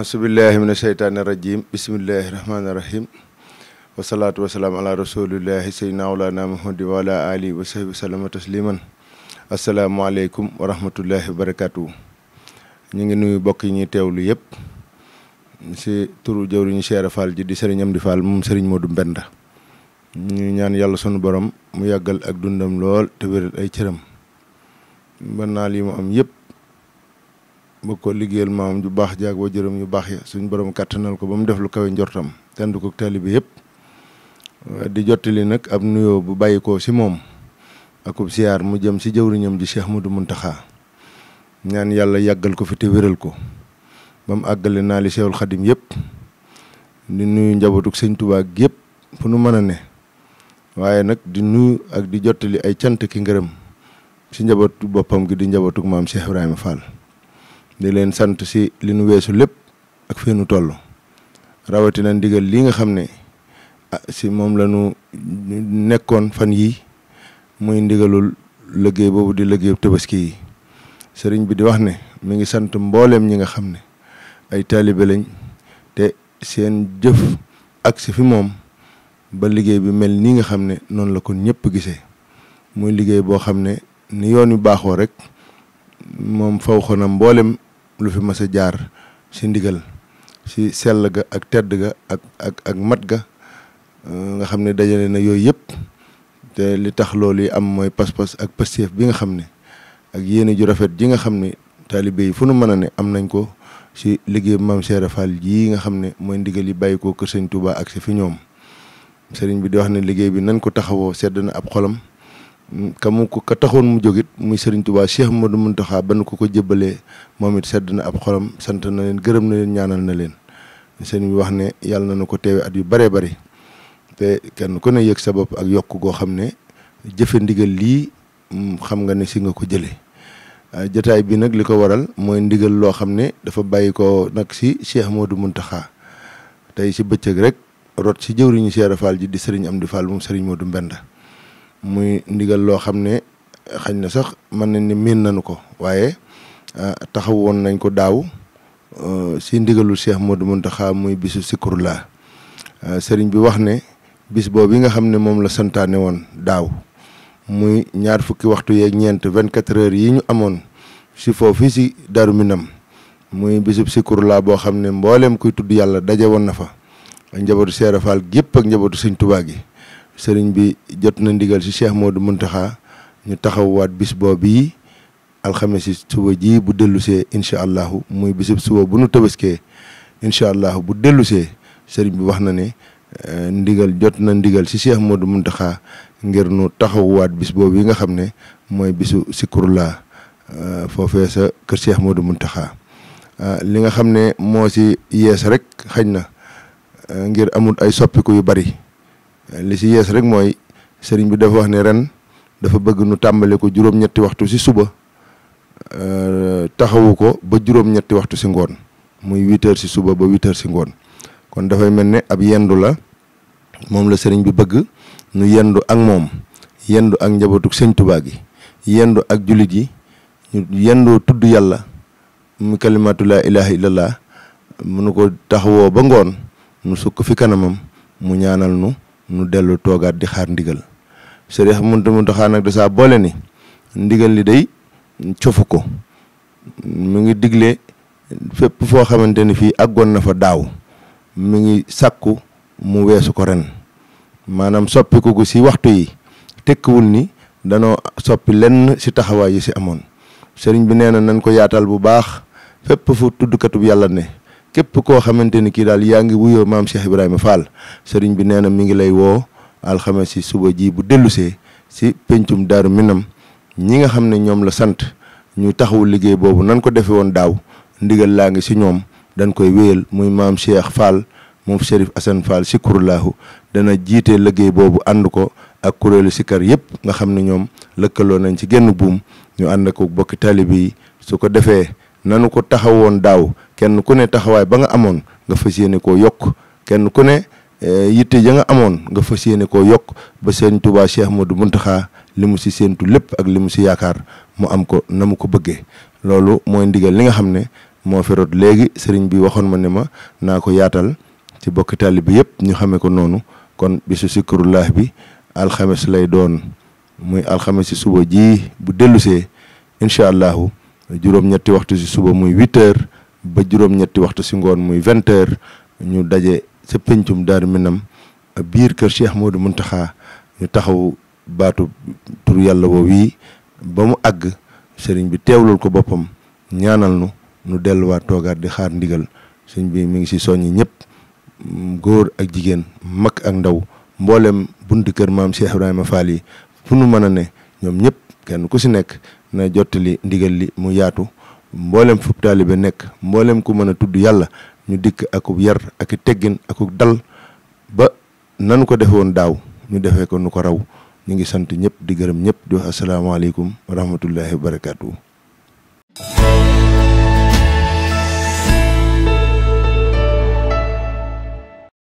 ahasubillahi min asheytaani irajim bisimillahi rahmaaniirahim wasalaatu wasalaam ala rasulillahi seydina walaana muhammadi wa ala alihi wa sahbi wasalama tasliman asalaamaaleykum wa rahmatullahi wa barakatuhu ngi nuyu bokk yi ñuy teewlu yëpp si turu jëwriñu Cheikh Fall ji di sëriñ Amdi Fall moom sëriñ Modou Mbenda ñu ñaan yàlla sunu borom mu yàggal ak dundam lool te wéral ay cëram mën lii mu am yëpp bëgg ko liggéeyal maam ju baax jaag wa jërëm yu baax ya suñ borom kàttanal ko ba mu def lu kawe njortam tendu ko taalibe yëpp di jottali nag ab nuyoo bu bàyyi ko si moom akub siyaar mu jëm si jëwriñam ji Cheikh Modou Mountakha ñaan yàlla yàggal ko fi te wéral ko ba mu àggale naa li Seexul Xadim yëpp di nuyu njabootug sëñ Tuubaa yëpp fu nu mën a ne waaye nag di nuyu ak di jottali ay cant ki ngërëm si njabootu boppam gi di njabootug maam Cheikh Ibrahima Fall. di leen sant si li nu weesu lépp ak fii nu toll rawatina ndigal lii nga xam ne ah si moom la nu nekkoon fan yii muy ndigalul liggéey boobu di liggéeyu tabaski yi sëriñ bi di wax ne mu ngi sant mbooleem ñi nga xam ne ay taalibe lañ te seen jëf ak si fi moom ba liggéey bi mel nii nga xam ne noonu la ko ñëpp gisee muy liggéey boo xam ne ni yoon yu baaxoo rek moom faw xonam mboolem lu fi mas a jaar si ndigal si sell ga ak tedd ga ak ak mat ga euh, nga xam ne dajale na yooyu yëpp te li tax loolu yi am mooy pas-pas ak pësteef bi nga xam ne ak yéene ju rafet ji nga xam ne taalibe yi fu nu mën a ne am nañ ko ci liggéey maam Cheikh Fall jii nga xam ne mooy ndigal yi bàyyi ko kër sëñ Touba ak ci fi ñoom sëriñ bi di wax ne liggéey bi nañ ko taxawoo sedd na ab xolam. ka ko ka taxoon mu jógit muy sëriñ Tuubaa Cheikh Modou Mountakha ba nu ko ko jébbalee moom it sedd na ab xolam sant na leen gërëm na leen ñaanal na leen seen bi wax ne yàlla na nu ko teewe at yu bëree bëri te kenn ku ne yëg sa bopp ak yokk goo xam ne jëfe ndigal lii mm, xam nga ne si nga ko jëlee ah, jataay bii nag li ko waral mooy ndigal loo xam ne dafa bàyyi ko nag si Cheikh Modou Mountakha tey si bëccëg rek rot jëw jëwriñu Cheikh Fall ji di sëriñ Amdi Fall sëriñ Modou Mbenda muy ndigal loo xam ne xañ na sax mën nañ ne miin nañu ko waaye ah, taxaw woon nañ ko daaw euh, si ndigalul Cheikh Modou Mountakha muy bisu Zikrullah ah, sëriñ bi wax ne bis boobu yi nga xam ne moom la santaane woon daaw muy ñaar fukki waxtu yee ñeent vingt quatre heures yi ñu amoon si foofu si Darou Minam muy bisub Zikrullah boo xam ne mbooleem kuy tudd yàlla daje woon na fa njabootu Seera Faal gépp ak njabootu Sëñ Tuubaa gi sëriñ bi jot na ndigal si Cheikh Modou Mountakha ñu taxawaat bis boobu yi alxames si suba ji bu dellusee incha allahu muy bisib suba bu nu tabaskee incha allahu bu dellusee sëriñ bi wax na ne eh, ndigal jot na ndigal si Cheikh Modou Mountakha ngir nu taxawaat bis boobu yi nga xam ne mooy bisu Zikrullah eh, foofee sa kër moo Modou Mountakha eh, li nga xam ne moo si yees rek xañ na ngir amul ay soppiku yu bari li si yees rek mooy sëriñ bi dafa wax ne ren dafa bëgg nu tàmbale ko juróom-ñetti waxtu si suba euh, taxawu ko ba juróom-ñetti waxtu si ngoon muy huit si suba ba huit si ngoon kon dafay mel ni ab yendu la moom la sëriñ bi bëgg nu yendu ak moom yendu ak njabootuk sëñ Tuubaa gi yendu ak jullit yi ñu yendoo tudd yàlla mu kalimatu laa ilaha illallah mu nu ko taxawoo ba ngoon nu sukk fi kanamam mu ñaanal nu nu dellu toogaat di xaar ndigal Sëriñ Ahmadu Muntaxa nag da saa boole ni ndigal li day cofu ko mu ngi digle fépp foo xamante ni fii àggoon na fa daaw mu ngi sàkku mu weesu ko ren maanaam soppiku gu si waxtu yi tekkiwul ni danoo soppi lenn si taxawaay yi si amoon sëriñ bi nee nan nañ ko yaatal bu baax fépp fu tuddkatub yàlla ne képp koo xamante ni kii daal yaa ngi wuyoo maam Cheikh Ibrahima Fall sëriñ bi nee na mi ngi lay woo alxames si suba ji bu dellusee si pencum daaru minam ñi nga xam ne ñoom la sant ñu taxawu liggéey boobu nan ko defe woon daaw ndigal laa ngi si ñoom dañ koy wéyal muy maam Cheikh Fall moom Chérif Assane Fall sikurulaahu dana jiite liggéey boobu ànd ko ak kuréelu sikar yëpp nga xam ne ñoom lëkkaloo nañ ci genn buum ñu ànd ko bokki taalibe yi su ko defee nanu ko taxawoon daaw kenn ku ne taxawaay ba nga amoon nga fas yéene koo yokk kenn ku ne eh, yitte ja nga amoon nga fas yéene koo yokk ba sëriñ Tuubaa ma du Muntaxa li mu si séentu lépp ak li mu si yaakaar mu am ko na mu ko bëggee loolu mooy ndigal li nga xam ne moo fi léegi sëriñ bi waxoon ma ne ma naa ko yaatal ci bokki taalibe bi yëpp ñu xamee ko noonu kon bisu sikkurullah bi alxames lay doon muy alxames si suba ji bu dellusee incha allahu juróom-ñetti waxtu ci suba muy huit ba juróom-ñetti waxtu si ngoon muy vingt ñu daje sa pencum Daaru Minam biir kër Cheikh Modou Mountakha ñu taxaw baatu tur yàlla woo yi ba mu àgg sëriñ bi teewlul ko boppam ñaanal nu nu delluwaat toogaat di xaar ndigal sëriñ bi mu ngi si soññi ñëpp góor ak jigéen mag ak ndaw mboolem buntu kër maam Cheikh Ibrahima Fall yi fu nu mën a ne ñoom ñëpp kenn ku si nekk na jottali ndigal li mu yaatu mboolem fu taalibe nekk mboolem ku mën a tudd yàlla ñu dikk akub yar ak i teggin akub dal ba nanu ko defe woon daaw ñu defee ko nu ko raw ñu ngi sant ñëpp di gërëm ñëpp di wax asalaamaaleykum wa rahmatullahi wa barakaatu.